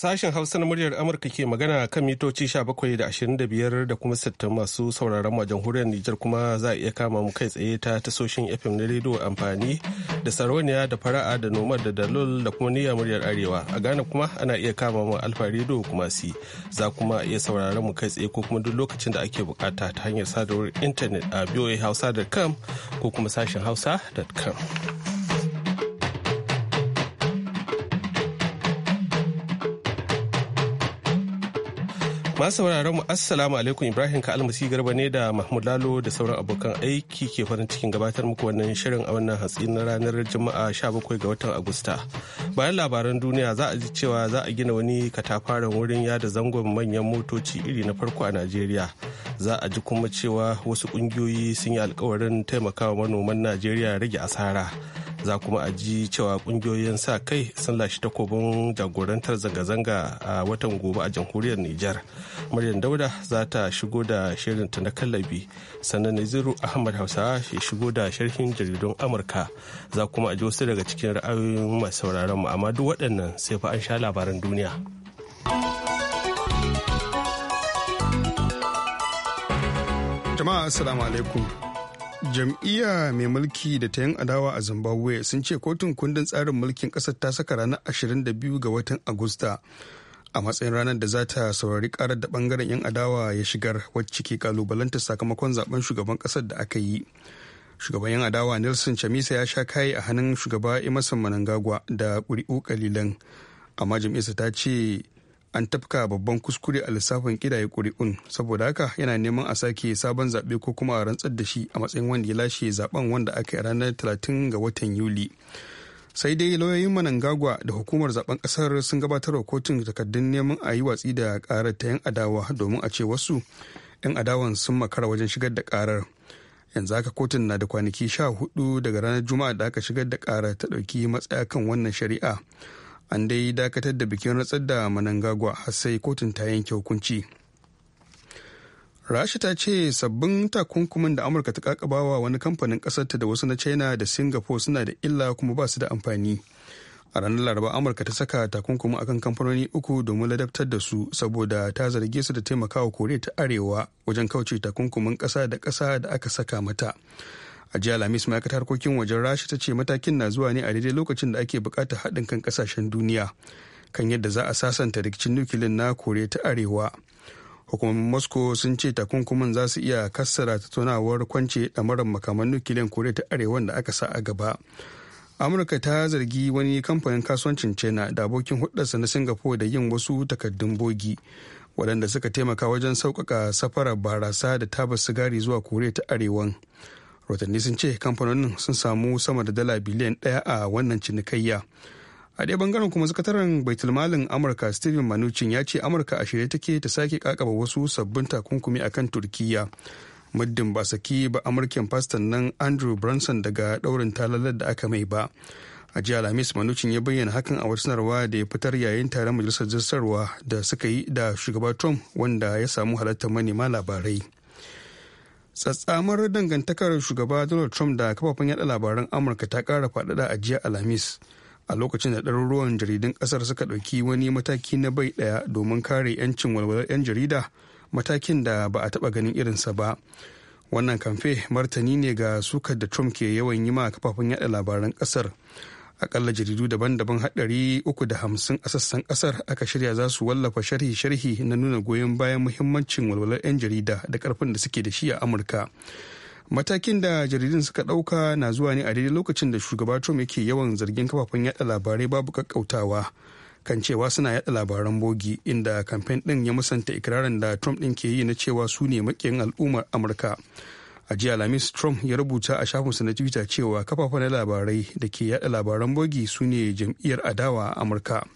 Sashen Hausa na muryar Amurka ke magana kan mitoci 17 da 25 da kuma 60 masu sauraron wajen a jamhuriyar Nijar kuma za a iya kama mu kai tsaye ta tasoshin FM na rediyo amfani da sarauniya da fara'a da noma da dalol da kuma niyya muryar Arewa. A Ghana kuma ana iya kama mu alfa rediyo kuma si. Za kuma iya sauraron mu kai tsaye ko kuma duk lokacin da ake bukata ta hanyar sadarwar intanet a voahausa.com ko kuma sashen hausa.com. Masu sauraron mu Assalamu alaikum Ibrahim ka almasi garba ne da Mahmud Lalo da sauran abokan aiki ke farin cikin gabatar muku wannan shirin a wannan hatsi na ranar Juma'a 17 ga watan Agusta. Bayan labaran duniya za a ji cewa za a gina wani katafaren wurin yada zangon manyan motoci iri na farko a Najeriya. Za a ji kuma cewa wasu kungiyoyi sun yi alkawarin taimakawa manoman Najeriya rage asara. za kuma a ji cewa kungiyoyin sa kai sun lashe takobin jagorantar zanga-zanga a watan gobe a jamhuriyar Nijar. Maryam Dauda za ta shigo da shirin ta na kallabi sannan Naziru Ahmad Hausa ya shigo da sharhin jaridun Amurka za kuma a ji wasu daga cikin ra'ayoyin masu sauraron mu amma duk waɗannan sai fa an sha labaran duniya. Jama'a assalamu alaikum. jam'iyya mai mulki da ta yin adawa a zimbabwe sun ce kotun kundin tsarin mulkin kasar ta saka ranar 22 ga watan agusta a matsayin ranar da za ta saurari karar da bangaren 'yan adawa ya shigar wacce ke kalubalanta sakamakon zaben shugaban kasar da aka yi shugaban 'yan adawa nelson chamisa ya sha kayi a hannun shugaba emerson manangagwa da ƙuri'u kalilan amma jam'iyyarsa ta ce an tafka babban kuskure a lissafin kidaye kuri'un saboda haka yana neman a sake sabon zaɓe ko kuma a rantsar da shi a matsayin wanda ya lashe zaben wanda aka yi ranar talatin ga watan yuli sai dai lauyoyin manangagwa da hukumar zaben kasar sun gabatar wa kotun takardun neman a yi watsi da karar ta yan adawa domin a ce wasu yan adawan sun makara wajen shigar da karar yanzu haka kotun na da kwanaki sha hudu daga ranar juma'a da aka shigar da karar ta ɗauki matsaya kan wannan shari'a an dai dakatar da bikin ratsar da manangagwa har sai kotun ta yanke hukunci rasha ta ce sabbin takunkumin da amurka ta kakabawa wani kamfanin kasarta da wasu na china da singapore suna da illa kuma ba su da amfani a ranar laraba amurka ta saka takunkumi akan kamfanoni uku domin ladabtar da su saboda ta zarge su da taimakawa koriya ta arewa wajen kauce takunkumin kasa da kasa da aka saka mata a jiya lamis ma'aikatar harkokin wajen rasha ta ce matakin na zuwa ne a daidai lokacin da ake bukatar haɗin kan kasashen duniya kan yadda za a sasanta rikicin nukilin na kore ta arewa hukumomin moscow sun ce takunkumin za su iya kassara tattaunawar kwance ɗamarar makaman nukilin kore ta arewa da aka sa a gaba amurka ta zargi wani kamfanin kasuwancin china da abokin hudarsa na singapore da yin wasu takaddun bogi waɗanda suka taimaka wajen sauƙaƙa safarar barasa da tabar sigari zuwa kore ta arewan rotanni sun ce kamfanonin sun samu sama da dala biliyan ɗaya a wannan cinikayya a ɗaya bangaren kuma sakataren baitulmalin amurka steven manucin ya ce amurka a shirye take ta sake kakaba wasu sabbin takunkumi akan turkiya muddin ba saki ba amurken fastan nan andrew branson daga ɗaurin talalar da aka mai ba a jiya lamis manuchin ya bayyana hakan a wata sanarwa da ya fitar yayin taron majalisar jirsarwa da suka yi da shugaba trump wanda ya samu halartar manema labarai tsatsamar dangantakar shugaba donald trump da kafafen yada labaran amurka ta kara faɗaɗa a jiya alhamis a lokacin da ɗaruruwan jaridun ƙasar suka ɗauki wani mataki na bai ɗaya domin kare 'yancin walwalar 'yan jarida matakin da ba a taɓa ganin irinsa ba wannan kamfe martani ne ga sukar da trump ke yawan yi ma kafafen yada labaran ƙasar akalla jaridu daban-daban haɗari uku da hamsin a sassan ƙasar aka shirya za su wallafa sharhi-sharhi na nuna goyon bayan muhimmancin walwalar 'yan jarida da ƙarfin da suke da shi a amurka matakin da jaridun suka ɗauka na zuwa ne a daidai lokacin da shugaba trump yake yawan zargin kafafen yada labarai babu kakkautawa kan cewa suna yada labaran bogi inda kamfen din ya musanta ikirarin da trump ɗin ke yi na cewa su ne maƙiyan al'ummar amurka a jiya alhamis trump ya rubuta a shafinsa na twitter cewa kafafen labarai da ke yada labaran bogi su ne jam'iyyar adawa a amurka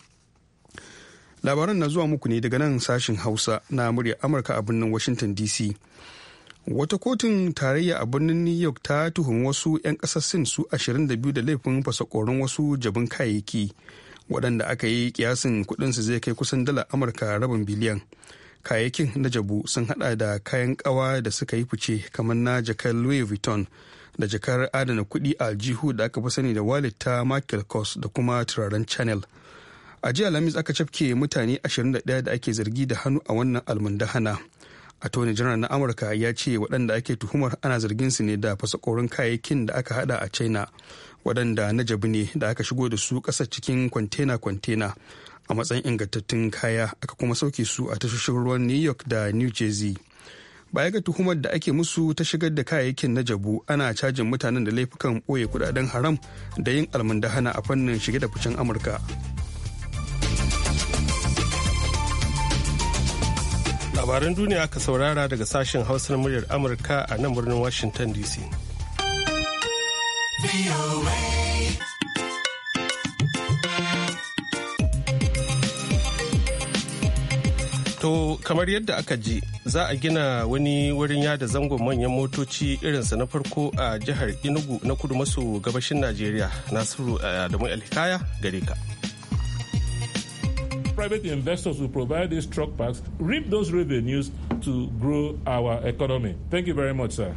labaran na zuwa muku ne daga nan sashin hausa na murya amurka a birnin washington dc wata kotun tarayya a birnin new york ta tuhumi wasu 'yan ƙasar sin su 22 da laifin koron wasu jabin kayayyaki waɗanda aka yi kiyasin kuɗinsu zai kai kusan dala amurka rabin biliyan kayayyakin na jabu sun hada da kayan kawa da suka yi fice kamar na jakar louis vuitton da jakar adana kuɗi a aljihu da aka fi sani da wallet ta michael kors da kuma turaren channel a jiya lamis aka cafke mutane 21 da ake zargi da hannu a wannan almundahana attorney general na amurka ya ce waɗanda ake tuhumar ana zargin su ne da fasakorin kayayyakin da aka hada a china waɗanda na jabu ne da aka shigo da su ƙasar cikin kwantena-kwantena a matsayin ingantattun kaya aka kuma sauke su a tashoshin ruwan new york da new jersey baya ga tuhumar da ake musu ta shigar da kayayyakin na jabu ana cajin mutanen da laifukan ɓoye kudaden haram da yin almundahana a fannin shige da ficen amurka labaran duniya ka saurara daga sashen hausar muryar amurka a nan birnin washington dc To kamar yadda aka je za a gina wani wurin yada zangon manyan motoci irinsa na farko a jihar inugu na kudu maso gabashin Najeriya Nasiru eh, Adamu Alhikaya gare ka. Private investors will provide these truck parks, reap those revenues to grow our economy. Thank you very much, sir.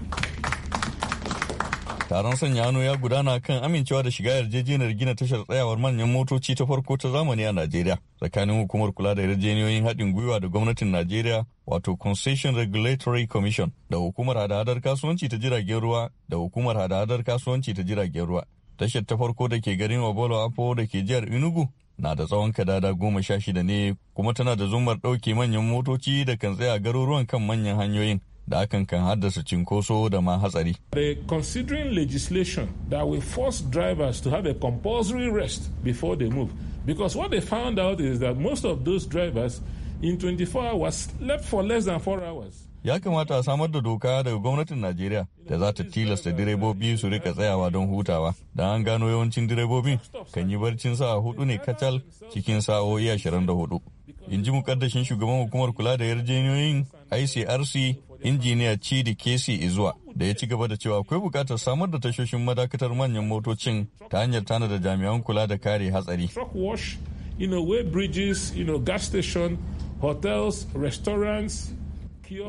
Taron sanya hannu ya gudana kan amincewa da shiga yarjejeniyar gina tashar tsayawar manyan motoci ta farko ta zamani a Najeriya tsakanin hukumar kula da yarjejeniyoyin haɗin gwiwa da gwamnatin Najeriya wato Concession Regulatory Commission da hukumar hada-hadar kasuwanci ta jiragen ruwa da hukumar hada-hadar kasuwanci ta jiragen ruwa. Tashar ta farko da ke garin Obolo Apo da ke jihar Enugu na da tsawon kadada goma sha shida ne kuma tana da zumar ɗauke manyan motoci da kan tsaya garuruwan kan manyan hanyoyin da akan kan haddasa cinkoso da ma hatsari. The considering legislation that will force drivers to have a compulsory rest before they move because what they found out is that most of those drivers in 24 hours slept for less than 4 hours. ya kamata a samar da doka daga gwamnatin Najeriya da za ta tilasta direbobi su rika tsayawa don hutawa. Da an gano yawancin direbobin kan yi barcin sa'a hudu ne kacal cikin sa'o'i 24. da hudu. In ji mukaddashin shugaban hukumar kula da yarjejeniyoyin ICRC injiniya Chidi Kesi Izuwa da ya ci gaba da cewa akwai bukatar samar da tashoshin madakatar manyan motocin ta hanyar tanada jami'an kula da kare hatsari.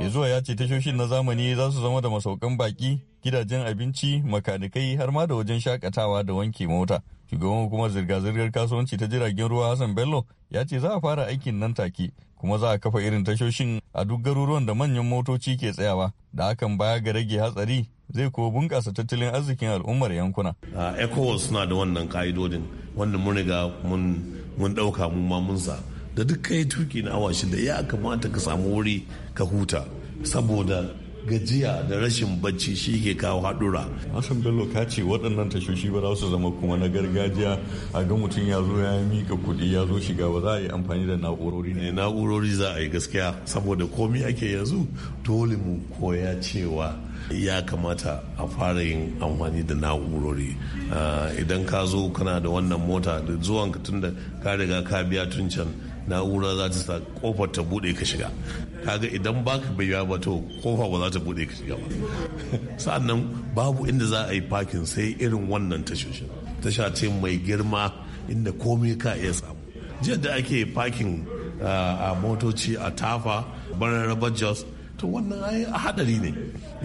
Izuwa ya ce tashoshin na zamani za su zama da masaukan baki, gidajen abinci, makanikai har ma da wajen shakatawa da wanke mota. Shugaban hukumar zirga-zirgar kasuwanci ta jiragen ruwa Hassan Bello ya ce za a fara aikin nan take. kuma za a kafa irin tashoshin a duk garuruwan da manyan motoci ke tsayawa da hakan baya ga rage hatsari zai kuwa bunƙasa tattalin arzikin al'ummar yankuna. ecowas suna da wannan ka'idodin wanda mun riga mun ɗauka mun mamunsa da duk kai tuki na awa shida ya kamata ka samu wuri ka huta saboda gajiya da rashin bacci shi ke kawo haɗura. Hassan Bello ka ce waɗannan tashoshi ba za su zama kuma na gargajiya a ga mutum ya zo ya mika kuɗi ya zo shiga ba za a yi amfani da na'urori ne. Eh, na'urori za a yi gaskiya saboda komi ake yanzu dole mu koya cewa ya kamata a fara yin amfani da na'urori ah, idan ka zo kana da wannan mota da zuwan tun da ka riga ka biya tun can na'ura za ta sa kofar ta bude ka shiga kaga idan baka bai ba to kofa ba za ta bude ka shiga ba sa'annan babu inda za a yi parking sai irin wannan tashoshin tasha ce mai girma inda komai ka iya samu jiya da ake parking uh, a motoci a tafa bararraba jos to wannan a hadari ne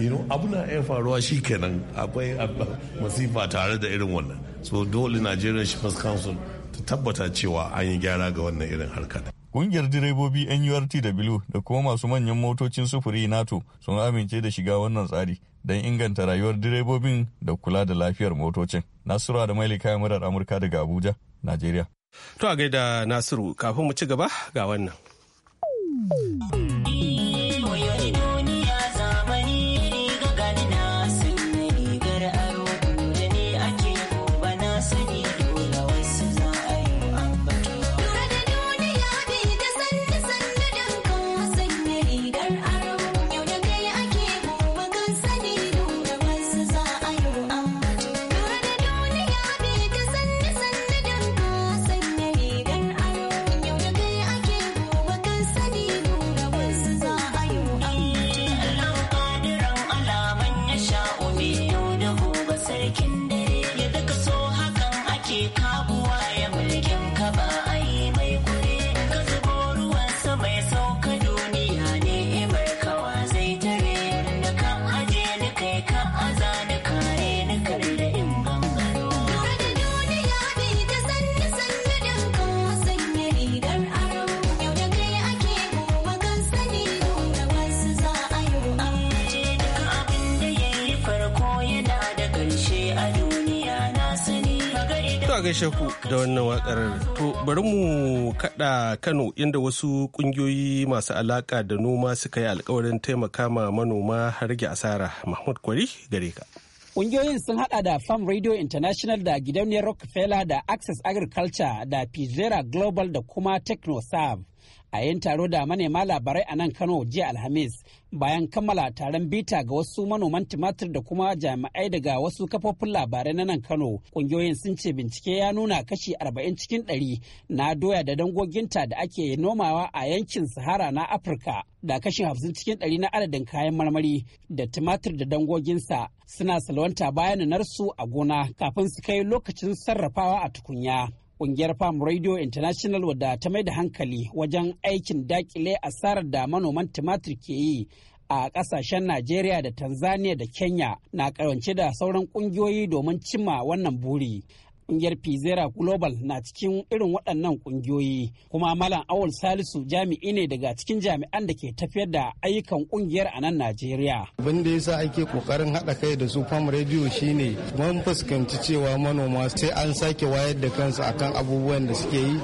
you know abu na iya faruwa shi kenan akwai masifa tare da irin wannan so dole nigerian shippers council ta tabbata cewa an yi gyara ga wannan irin harkar. Kungiyar direbobi NURTW da kuma masu manyan motocin sufuri NATO sun amince da shiga wannan tsari don inganta rayuwar direbobin da kula da lafiyar motocin. Nasiru da Maili kayan murar Amurka daga Abuja, Najeriya. To a gaida Nasiru kafin mu ci gaba ga wannan. da wannan wakar. To bari mu kada Kano inda wasu kungiyoyi masu alaka da noma suka yi alkawarin taimaka ma manoma har rage asara. Mahmud Kwari gare ka. Ƙungiyoyin sun hada da Farm Radio International da gidauniyar Rockefeller da Access Agriculture da Pizera Global da kuma TechnoServe. a yin taro da manema labarai a nan Kano jiya Alhamis bayan kammala taron bita ga wasu manoman tumatir da kuma jami'ai daga wasu kafofin labarai na nan Kano. Kungiyoyin sun ce bincike ya nuna kashi 40 cikin 100 na doya da dangoginta da ake nomawa a yankin Sahara na Afirka da kashi 50 cikin 100 na adadin kayan marmari da tumatir da dangoginsa suna salwanta bayan narsu a gona kafin su kai lokacin sarrafawa a tukunya. kungiyar Farm Radio International wadda ta mai da hankali wajen aikin dakile asarar da manoman tumatir ke yi a kasashen Najeriya da Tanzania da Kenya na karance da sauran kungiyoyi domin cimma wannan buri. kungiyar Pizera Global na cikin irin waɗannan ƙungiyoyi kuma Malam Awul Salisu jami'i ne daga cikin jami'an da ke tafiyar da ayyukan ƙungiyar a nan Najeriya. Abin da yasa ake ƙoƙarin haɗa kai da su fam rediyo shine mun fuskanci cewa manoma sai an sake wayar da kansu akan abubuwan da suke yi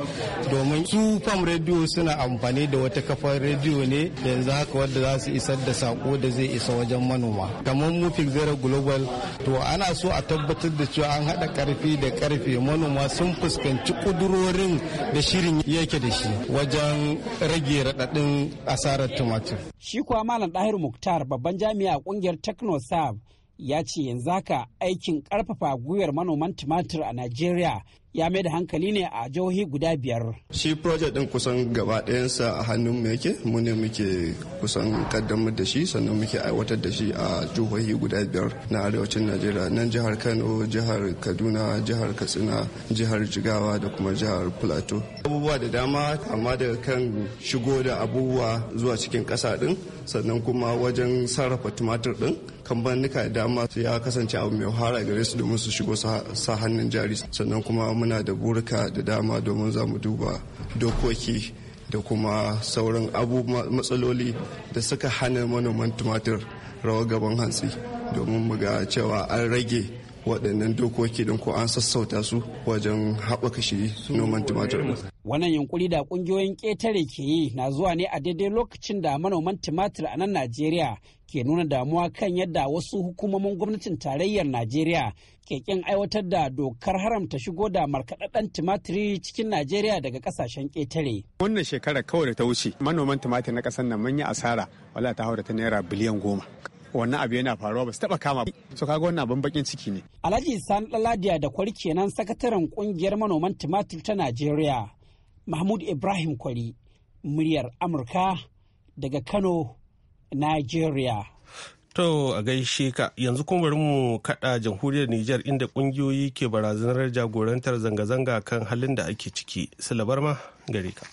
domin su fam rediyo suna amfani da wata kafar radio ne yanzu haka wadda za su isar da sako da zai isa wajen manoma. Kamar mu Pizera Global to ana so a tabbatar da cewa an haɗa ƙarfi da karfe manoma sun fuskanci kudurorin da shirin yake da shi wajen rage raɗaɗin asarar tumatir. Shi kuwa Malam Ɗahir Muktar babban jami'a ƙungiyar TechnoSav ya ce yanzu haka aikin ƙarfafa gwiwar manoman tumatir a Najeriya ya mai da hankali ne a jihohi guda biyar. Shi project din kusan gaba ɗayansa a hannun mu yake mu ne muke kusan kaddamar da shi sannan muke aiwatar da shi a jihohi guda biyar na arewacin Najeriya nan jihar Kano, jihar Kaduna, jihar Katsina, jihar Jigawa da kuma jihar Plateau. Abubuwa da dama amma daga kan shigo da abubuwa zuwa cikin ƙasa ɗin sannan kuma wajen sarrafa tumatir ɗin kamfanika da dama ya kasance abu mai wahara gare su domin su shigo sa hannun jari sannan kuma muna da burka da dama domin za mu duba dokoki da kuma sauran abu matsaloli da suka hana manoman tumatir rawa gaban hantsi domin mu ga cewa an rage waɗannan dokoki don ko an sassauta su wajen haɓaka shi noman tumatir wannan yunkuri da ƙungiyoyin ƙetare ke yi na zuwa ne a daidai lokacin da manoman tumatir a nan najeriya ke nuna damuwa kan yadda wasu hukumomin gwamnatin tarayyar najeriya ke kin aiwatar da dokar haramta shigo da markaɗaɗɗen tumatiri cikin najeriya daga ƙasashen ƙetare wannan shekara kawai da ta wuce manoman tumatir na ƙasar nan mun yi asara wala ta haura ta naira biliyan goma wannan abu yana faruwa ba su taba kama su kaga wannan abin bakin ciki ne alhaji sani ladiya da kwari kenan sakataren kungiyar manoman tumatir ta najeriya mahmud ibrahim kwari muryar amurka daga kano najeriya To a gaishe ka yanzu kuma bari mu kada jamhuriyar Nijar inda kungiyoyi ke barazanar jagorantar zanga-zanga kan halin da ake ciki. Silabar ma gare ka.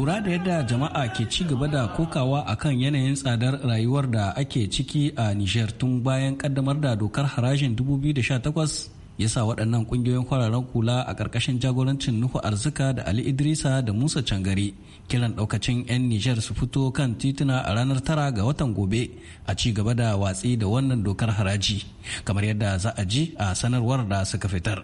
lura da yadda jama'a ke ci gaba da kokawa a kan yanayin tsadar rayuwar da ake ciki a Nijar tun bayan kaddamar da dokar harajin 2018 ya sa waɗannan ƙungiyoyin kwararren kula a ƙarƙashin jagorancin Nuhu Arzika da Ali Idrisa da Musa Cangari kiran ɗaukacin 'yan Nijar su fito kan tituna a ranar tara ga watan gobe a ci gaba da watsi da wannan dokar haraji kamar yadda za a ji a sanarwar da suka fitar.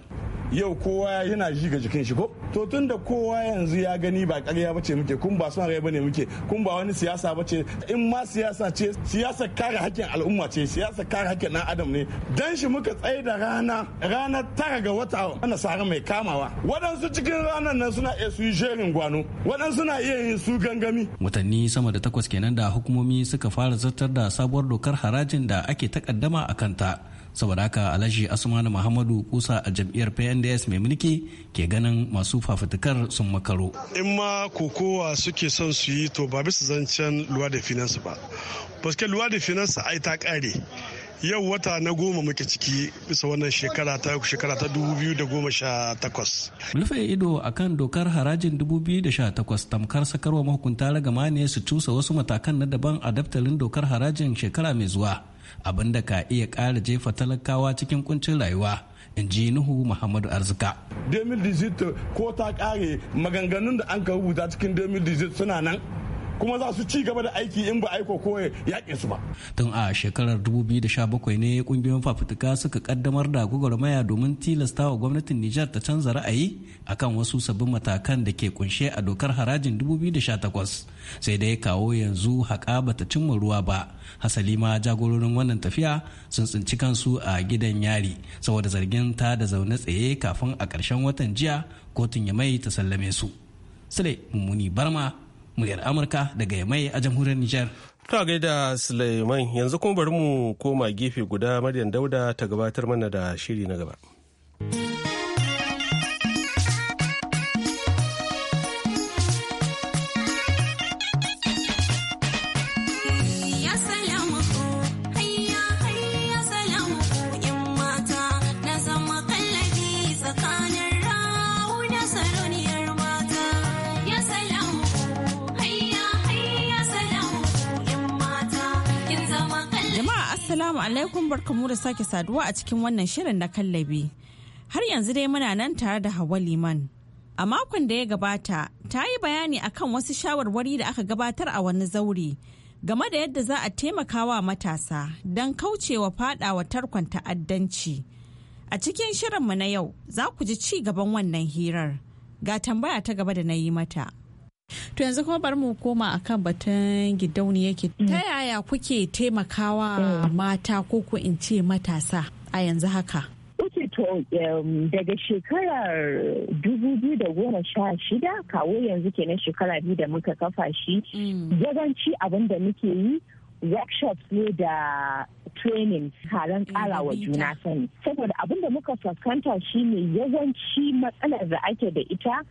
yau kowa yana ji ga jikin shi ko to tun kowa yanzu ya gani ba ƙarya bace muke kun ba son rai bane muke kun ba wani siyasa bace in ma siyasa ce siyasa kare haƙƙin al'umma ce siyasa kare haƙƙin dan adam ne dan shi muka tsaye da rana rana tara ga wata ana sare mai kamawa waɗansu cikin ranar nan suna iya su yi jerin gwano waɗansu na iya yin su gangami watanni sama da takwas kenan da hukumomi suka fara zartar da sabuwar dokar harajin da ake takaddama a kanta saboda haka alhaji asmanu muhammadu kusa a jam'iyyar pnds mai mulki ke ganin masu fafutukar sun makaro in ma kokowa suke son su yi to ba bisa zancen luwa da finansu ba paske luwa da finansu ai ta kare yau wata na goma muke ciki bisa wannan shekara ta shekara ta 2018 rufe ido akan dokar harajin 2018 tamkar sakarwa mahukunta ragama ne su cusa wasu matakan na daban a daftarin dokar harajin shekara mai zuwa abin da ka iya ƙara jefa talakawa cikin kuncin rayuwa in ji nuhu muhammadu arzika 2018 ko ta ƙare maganganun da an ka rubuta cikin 2018 suna nan kuma za su ci gaba da aiki in ba aiko ko yaƙe su ba. Tun a shekarar 2017 ne kungiyoyin fafutuka suka kaddamar da gwagwarmaya domin tilasta wa gwamnatin Nijar ta canza ra'ayi akan wasu sabbin matakan da ke kunshe a dokar harajin 2018 sai dai kawo yanzu haƙa bata cimma ruwa ba hasali ma jagororin wannan tafiya sun tsinci kansu a gidan yari saboda zargin ta da zaune tsaye kafin a ƙarshen watan jiya kotun ya mai ta sallame su. Sule Mummuni Barma muryar amurka daga yamai a jamhuriyar nijar ta gaida Sulaiman yanzu kuma bari mu koma gefe guda Maryam Dauda ta gabatar mana da shiri na gaba. Assalamu alaikum barkamu da sake saduwa a cikin wannan shirin na kallabi. Har yanzu dai muna nan tare da Hawa Liman. A makon da ya gabata, ta yi bayani a kan wasu shawarwari da aka gabatar a wani zauri game da yadda za a taimaka wa matasa don kaucewa fadawa tarkon ta'addanci. A cikin shirinmu na yau, za ku ji ci gaban wannan hirar. Ga tambaya ta gaba da na yi mata. To yanzu kuma bari mu koma akan batun gidauni yake. Mm. Ta yaya kuke taimakawa mm. mata ko ku in ce matasa a yanzu haka? Oke to daga shekarar shida kawo yanzu kenan shekara biyu da muka kafa shi mm. yawanci abin da muke yi workshops ne da training taron karawa juna sani saboda abin da muka fuskanta shine yawanci matsalar da ake da ita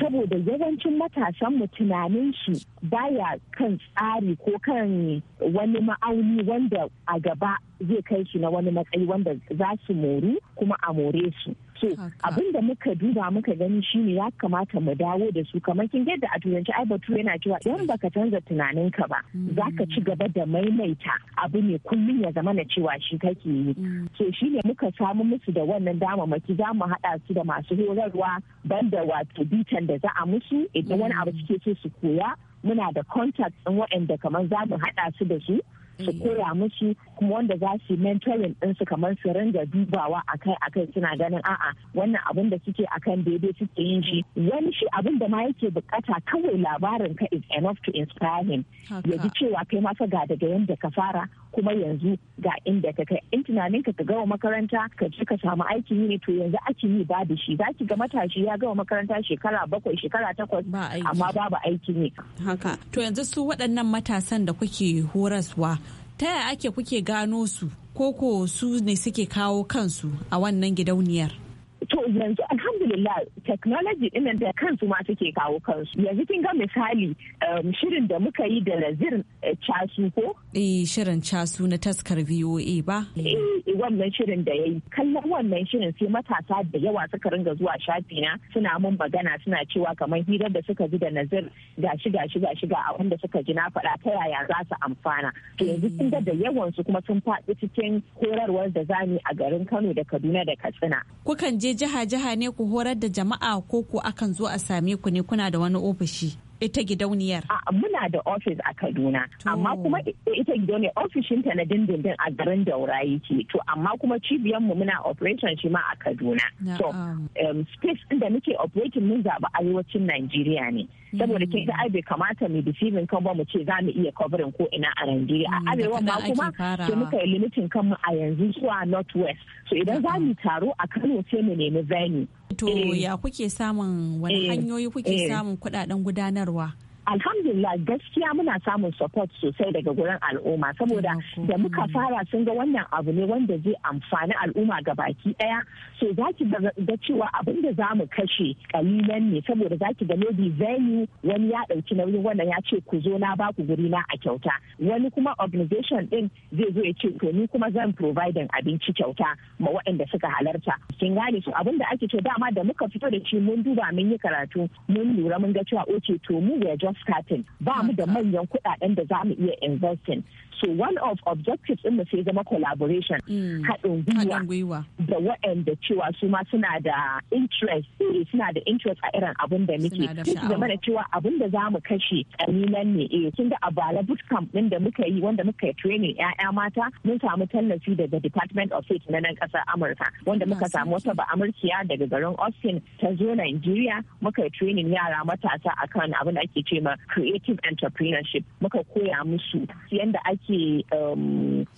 saboda yawancin matasan mu tunanin shi baya kan tsari ko kan wani ma'auni wanda a gaba zai kai shi na wani matsayi wanda za su mori kuma a more su so abin da muka duba muka gani shine ya kamata mu dawo da su kamar kin yadda a turanci ai batu yana cewa idan baka canza tunaninka ba mm. zaka ci gaba da maimaita abu ne kullum ya zama na cewa shi kake yi mm. so shine muka samu musu da wannan damamaki za mu haɗa su da masu horarwa banda wato bitan da za a musu idan wani mm. abu suke so su koya muna da contact ɗin waɗanda kamar za mu haɗa su da su su mm. koya musu kuma wanda za su mentoring su kamar su ringa dubawa akai akai suna ganin a'a wannan abin da suke akan daidai suke yin shi wani shi abin da ma yake bukata kawai labarin ka is enough to inspire him ya ji cewa kai ma ga daga yanda ka fara kuma yanzu ga inda ka kai in tunanin ka ka gama makaranta ka ci ka samu aikin yi ne to yanzu aikin yi babu shi za ki ga matashi ya gama makaranta shekara bakwai shekara takwas amma babu aikin yi. Haka to yanzu su waɗannan matasan da kuke horaswa ta yaya ake kuke gano su koko su ne suke kawo kansu a wannan gidauniyar. to yanzu alhamdulillah technology din da kansu ma suke kawo kansu yanzu kin ga misali um, shirin da muka yi da nazir eh, casu ko eh shirin casu na taskar VOA ba eh wannan shirin da yayi kallon wannan shirin sai matasa da yawa suka ringa zuwa shafi na suna mun magana suna cewa kamar hirar da suka ji da nazir gashi gashi gashi ga abin da suka ji na faɗa ta yaya za su amfana to yanzu kin ga da yawansu kuma sun faɗi cikin horarwar da zamu a garin Kano da Kaduna da Katsina kukan je jiha-jiha ne ku horar da jama'a ko ku akan zo a same ku ne kuna da wani ofishi ita gidauniyar? Muna da ofis a Kaduna, amma kuma ita gidauniyar ta na dindindin a garin Daura yake. To amma kuma cibiyar mu muna operation shi ma a Kaduna. So um, space inda muke operating mun zaɓi arewacin Najeriya ne. Mm. Saboda ke ga bai kamata mu deceiving kan ba mu ce za mu iya covering ko ina a Najeriya. A mm, arewa ma kuma ke muka yi limitin kanmu a yanzu zuwa North West. So idan za mu taro a Kano sai mu nemi venue. To eh. ya kuke samun wani eh. hanyoyi kuke eh. samun kudaden gudanarwa? alhamdulillah gaskiya muna samun support sosai daga gurin al'umma saboda da muka fara sun ga wannan abu ne wanda zai amfani al'umma ga baki daya so za ki ga cewa abin da za mu kashe kalilan ne saboda za ki ga maybe venue wani ya dauki nauyin wannan ya ce ku zo na baku guri na a kyauta wani kuma organization din zai zo ya ce to ni kuma zan providing abinci kyauta ma waɗanda suka halarta kin gane su abin da ake ce dama da muka fito da shi mun duba mun yi karatu mun lura mun ga cewa oke to mu we tax ba mu da manyan kuɗaɗen da za mu iya investing so one of objectives in mu sai zama collaboration mm. haɗin gwiwa da waɗanda cewa su ma suna da interest eh, suna da interest a irin abin da muke su zama da cewa abin da zamu kashe kalilan ne eh kin ga a bala bootcamp ɗin da muka yi wanda muka yi training ƴaƴa mata mun samu tallafi daga Department of State na nan ƙasar Amurka wanda muka samu wata ba Amurkiya daga garin Austin ta zo Nigeria muka training yara matasa akan abin da ake ce ma creative entrepreneurship muka koya musu yanda ake ke um,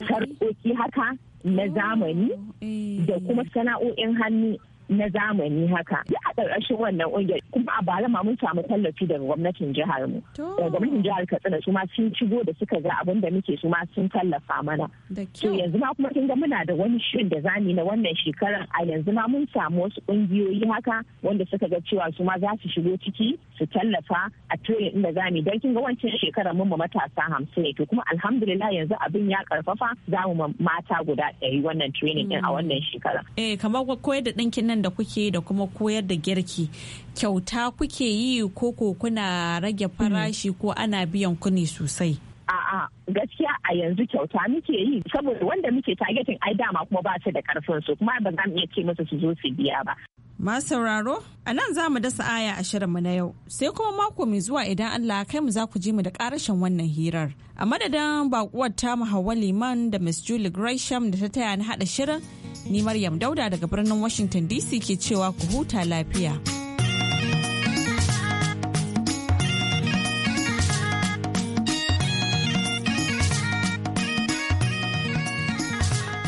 sarƙoƙi haka na oh, zamani eh. da kuma sana'o'in hannu na zamani haka duk a ƙarƙashin wannan ƙungiyar kuma a bara ma mun samu tallafi daga gwamnatin jihar mu daga gwamnatin jihar Katsina su ma sun shigo da suka ga abin da muke su ma sun tallafa mana to yanzu ma kuma kin muna da wani shirin da zamu na wannan shekarar a yanzu ma mun samu wasu ƙungiyoyi haka wanda suka ga cewa su ma za su shigo ciki su tallafa a tore inda da zamu dan kin ga wancan shekarar mun ma matasa hamsin ne to kuma alhamdulillah yanzu abin ya karfafa za mu mata guda ɗari wannan training din a mm. wannan shekarar eh kamar koyar da ɗinkin nan nan da kuke da kuma koyar da girki kyauta kuke yi ko ko kuna rage hmm. farashi ko ana biyan ku sosai a'a gaskiya a yanzu kyauta muke yi saboda wanda muke targeting ai dama kuma ba su da karfin su kuma ba za mu iya ce musu su zo su biya ba Masauraro, sauraro, a nan za mu dasa aya a shirinmu na yau, sai kuma mako mai zuwa idan Allah kai mu za ku ji mu da karashin wannan hirar. A madadin bakuwar mu Hauwa Liman da Miss Julie Gresham da ta taya na haɗa shirin, ni Maryam Dauda daga birnin Washington DC ke cewa ku huta lafiya.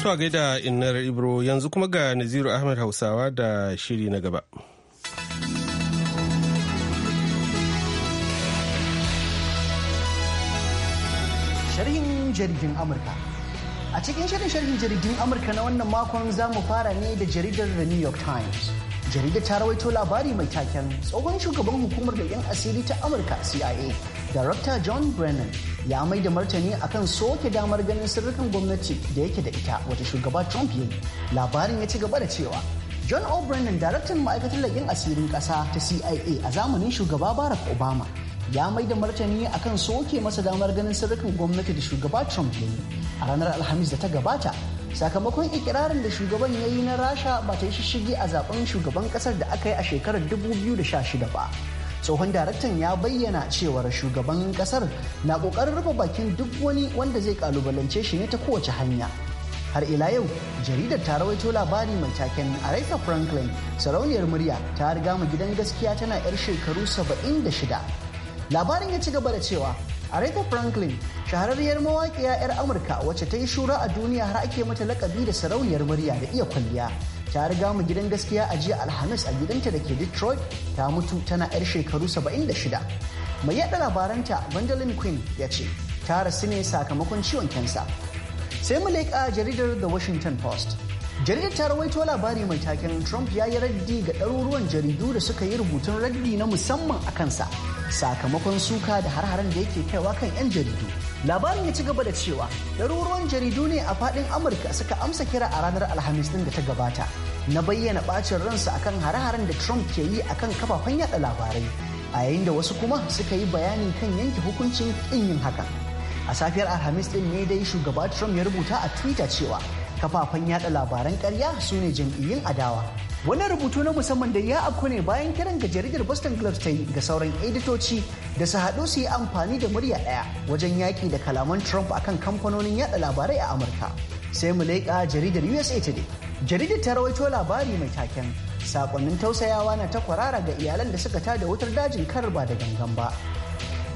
Mutuwa gaida Innar Ibro yanzu kuma ga Naziru Ahmed Hausawa da shiri na gaba. Sharhin jirgin Amurka. A cikin shirin sharhin jaridin Amurka na wannan makon za mu fara ne da jaridar The New York Times. jaridar ta rawaito labari mai taken tsohon shugaban hukumar da 'yan asiri ta amurka cia darakta john brennan ya mai da martani akan soke damar ganin sirrukan gwamnati da yake da ita wata shugaba trump yi labarin ya ci gaba da cewa john brennan daraktan ma'aikatar yan asirin kasa ta cia a zamanin shugaba barack obama ya mai da martani akan soke masa damar ganin sirrukan gwamnati da shugaba trump yi a ranar alhamis da ta gabata sakamakon ikirarin da shugaban ya yi na rasha ba ta yi shishigi a zaben shugaban kasar da aka yi a shekarar 2016 ba tsohon daraktan ya bayyana cewar shugaban kasar na kokarin rufe bakin duk wani wanda zai kalubalance shi ne ta kowace hanya har ila yau jaridar ta rawaito labari mai taken aretha franklin sarauniyar murya ta riga mu gidan gaskiya tana yar shekaru 76 labarin ya ci gaba da cewa Aretha Franklin shahararriyar mawaƙiya 'yar Amurka wacce ta yi shura a duniya har ake mata lakabi da sarauniyar murya da iya kwalliya. Ta riga mu gidan gaskiya a jiya Alhamis a gidanta da ke Detroit ta mutu tana 'yar shekaru 76. Mai yaɗa labaranta Vandalin Queen ya ce ta rasu ne sakamakon ciwon kansa. Sai mu leƙa jaridar The Washington Post. jaridar ta rawaito labari mai taken trump ya yi raddi ga ɗaruruwan jaridu da suka yi rubutun raddi na musamman a kansa sakamakon suka da har da yake kaiwa kan 'yan jaridu labarin ya ci gaba da cewa ɗaruruwan jaridu ne a faɗin amurka suka amsa kira a ranar alhamis ɗin da ta gabata na bayyana ɓacin ransu akan har-haren da trump ke yi akan kafafen yada labarai a yayin da wasu kuma suka yi bayani kan yanke hukuncin ƙin yin hakan a safiyar alhamis ɗin ne dai shugaba trump ya rubuta a twitter cewa kafafen yada labaran karya su ne jam'iyyun adawa wannan rubutu na musamman da ya afko ne bayan kiran ga jaridar boston globe ta yi ga sauran editoci da su haɗu su yi amfani da murya ɗaya wajen yaƙi da kalaman trump akan kamfanonin yada labarai a amurka sai mu leƙa jaridar usa today jaridar ta rawaito labari mai taken sakonnin tausayawa na ta kwarara ga iyalan da suka tada wutar dajin karar ba da gangan ba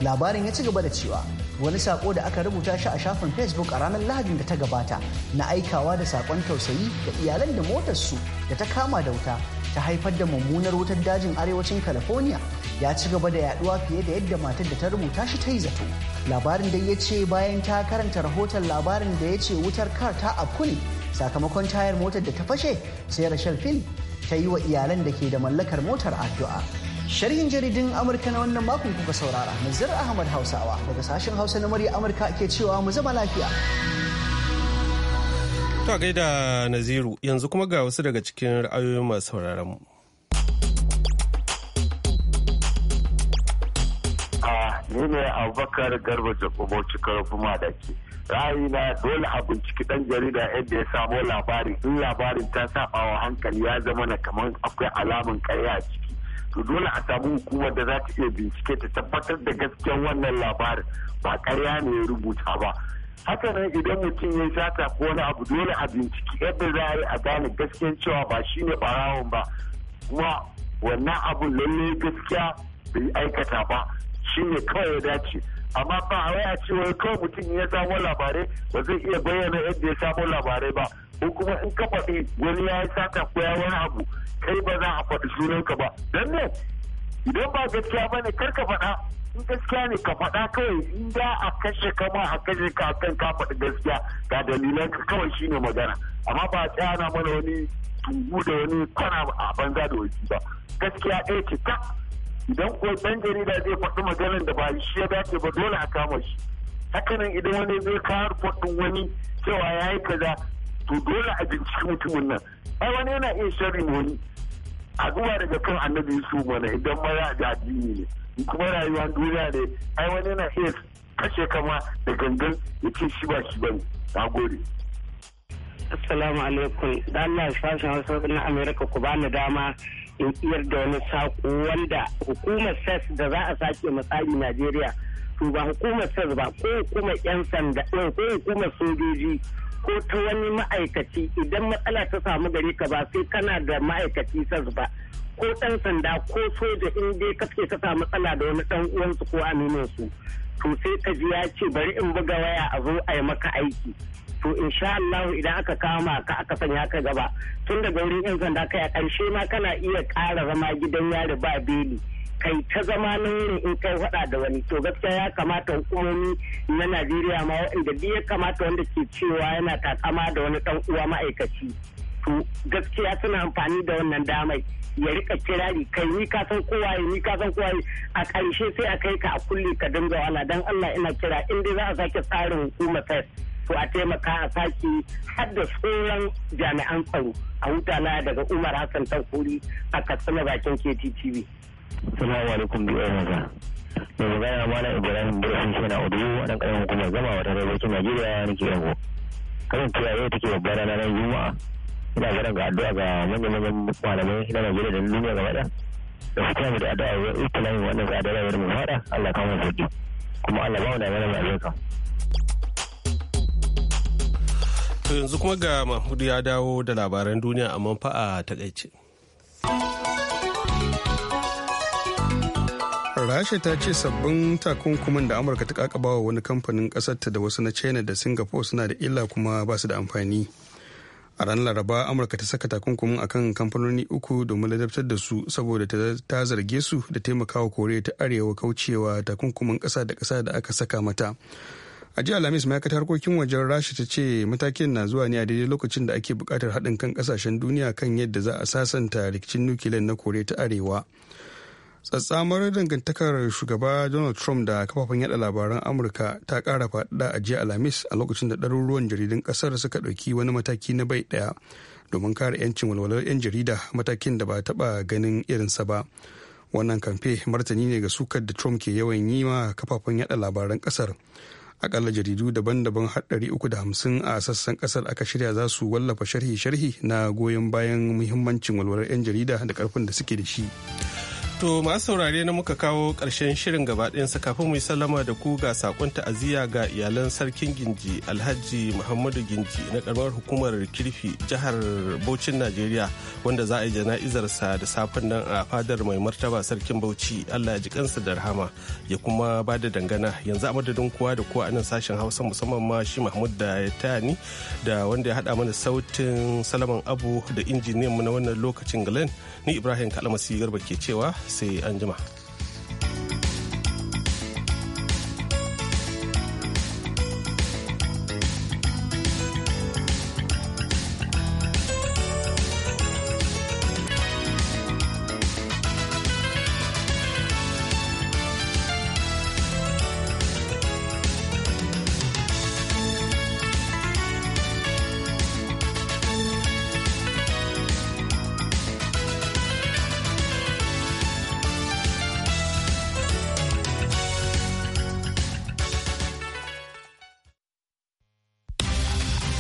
labarin ya ci gaba da cewa wani sako da aka rubuta shi a shafin facebook a ranar lahadin da ta gabata na aikawa da sakon tausayi ga iyalan da motarsu da ta kama da wuta ta haifar da mummunar wutar dajin arewacin california ya ci gaba da yaduwa fiye da yadda matar da ta rubuta shi ta yi zato labarin da ya ce bayan ta karanta rahoton labarin da ya ce wutar kar ta afku ne sakamakon tayar motar da ta fashe sai rachel fil ta yi wa iyalan da ke da mallakar motar addu'a Sharhin jaridin Amurka na wannan makon kuka saurara, Nazir Ahmad Hausawa daga sashen Hausa na murya Amurka ke cewa mu zama lafiya. Ta gaida Naziru, yanzu kuma ga wasu daga cikin ra'ayoyin masu sauraron mu. ni ne abubakar garba jakubo cikar kuma da ke na dole a binciki dan jarida yadda ya samo labari in labarin ta saba hankali ya zama na kamar akwai alamun karya ce to dole a samu hukumar da za ta iya bincike ta tabbatar da gaskiyar wannan labarin ba karya ne ya rubuta ba haka nan idan mutum ya sata ko wani abu dole a binciki yadda za a yi a gane gaskiyar cewa ba shi ne barawon ba kuma wannan abu lalle gaskiya bai aikata ba shi ne kawai ya dace amma ba a wai a ce kawai mutum ya samo labarai ba zai iya bayyana yadda ya samo labarai ba ko kuma in ka faɗi wani ya saka ko ya wani abu kai ba za a faɗi sunanka ba don ne idan ba gaskiya ba ne kar ka faɗa in gaskiya ne ka faɗa kawai in da a kashe kama a kashe ka kan ka faɗi gaskiya ga dalilan ka kawai shine magana amma ba a tsayana mana wani tungu da wani kwana a banza da waje ba gaskiya ɗaya ce ta idan ko ɗan jarida zai faɗi maganar da ba shi ya dace ba dole a kama shi hakanan idan wani zai kawar faɗin wani cewa ya yi kaza to dole a binciki mutumin nan ai wani yana iya sharrin wani a zuwa daga kan annabi su mana idan mara da addini ne kuma rayuwa duniya ne ai wani yana iya kashe kama da gangan ce shi ba shi bane na gode assalamu alaikum da Allah sashen wasu na america ku bani dama in iyar da wani sako wanda hukumar sas e da za a sake matsari nigeria to ba hukumar sas e ba ko hukumar yan sanda ko hukumar sojoji ko ta wani ma'aikaci idan matsala ta samu gari ka ba sai kana da ma'aikaci sas ba ko ɗan sanda ko soja in dai kake ta samu matsala da wani ɗan uwansu ko aminansu to sai ka ji ya ce bari in buga waya a zo a yi maka aiki to insha Allah idan aka kama ka aka sanya ka gaba tun daga wurin yan sanda kai a ƙarshe ma kana iya ƙara zama gidan yari ba beli kai ta zama na wurin in kai hada da wani to gaskiya ya kamata hukumomi na najeriya ma wanda duk ya kamata wanda ke cewa yana takama da wani dan uwa ma'aikaci to gaskiya suna amfani da wannan damai ya rika kirari kai ni ka san kowaye ni ka san kowaye a karshe sai a kai ka a kulle ka dinga wala dan Allah ina kira in dai za a sake tsarin hukumar sai to a taimaka a sake hadda sauran jami'an tsaro a huta daga Umar Hassan Tankuri a Katsina bakin KTTV. Salamu alaikum biyu maza. Mai magana mana Ibrahim Burfin Shena Odu a ɗan ƙaramin hukumar gama wata rarrakin Najeriya na ke yango. Karin cewa yau take babbar rana na Juma'a. Ina garan ga addu'a ga manya-manyan malamai na Najeriya da duniya gaba ɗaya. Da fita mu da addu'a wa Islamin wannan ga adara wani mu faɗa Allah kama sauki. Kuma Allah ba mu da mana mai albarka. yanzu kuma ga Mahmud ya dawo da labaran duniya amma fa a takaice. rasha ta ce sabbin takunkumin da amurka ta kakaba wa wani kamfanin kasarta da wasu na china da singapore suna da illa kuma ba su da amfani a ranar laraba amurka ta saka takunkumin akan kamfanoni uku domin ladabtar da su saboda ta zarge su da taimakawa koriya ta arewa kaucewa takunkumin kasa da kasa da aka saka mata a jiya alhamis ma'aikatar harkokin wajen rasha ta ce matakin na zuwa ne a daidai lokacin da ake bukatar haɗin kan kasashen duniya kan yadda za a sasanta rikicin nukiliyar na koriya ta arewa tsatsamar dangantakar shugaba donald trump da kafafen yada labaran amurka ta kara faɗa a jiya alhamis a lokacin da ɗaruruwan jaridun ƙasar suka ɗauki wani mataki na bai ɗaya domin kare 'yancin walwalar 'yan jarida matakin da ba taɓa ganin irinsa ba wannan kamfe martani ne ga sukar da trump ke yawan yi ma kafafen yada labaran ƙasar akalla jaridu daban-daban har hamsin a sassan kasar aka shirya za su wallafa sharhi-sharhi na goyon bayan muhimmancin walwalar 'yan jarida da karfin da suke da shi. To masu saurare na muka kawo karshen shirin sa kafin mu yi sallama da ku ga sakon ta'aziyya ga iyalan sarkin Ginji Alhaji Muhammadu Ginji na ƙaramar hukumar Kirfi jihar baucin Najeriya wanda za a yi jana'izarsa da safen nan a fadar mai martaba sarkin Bauchi Allah ya ji kansa da rahama ya kuma ba da dangana yanzu a madadin kowa da kowa nan sashen Hausa musamman ma shi Mahmud da ya taya ni da wanda ya haɗa mana sautin Salaman Abu da injiniyan mu na wannan lokacin glen ni Ibrahim Kalamasi Garba ke cewa sai anjima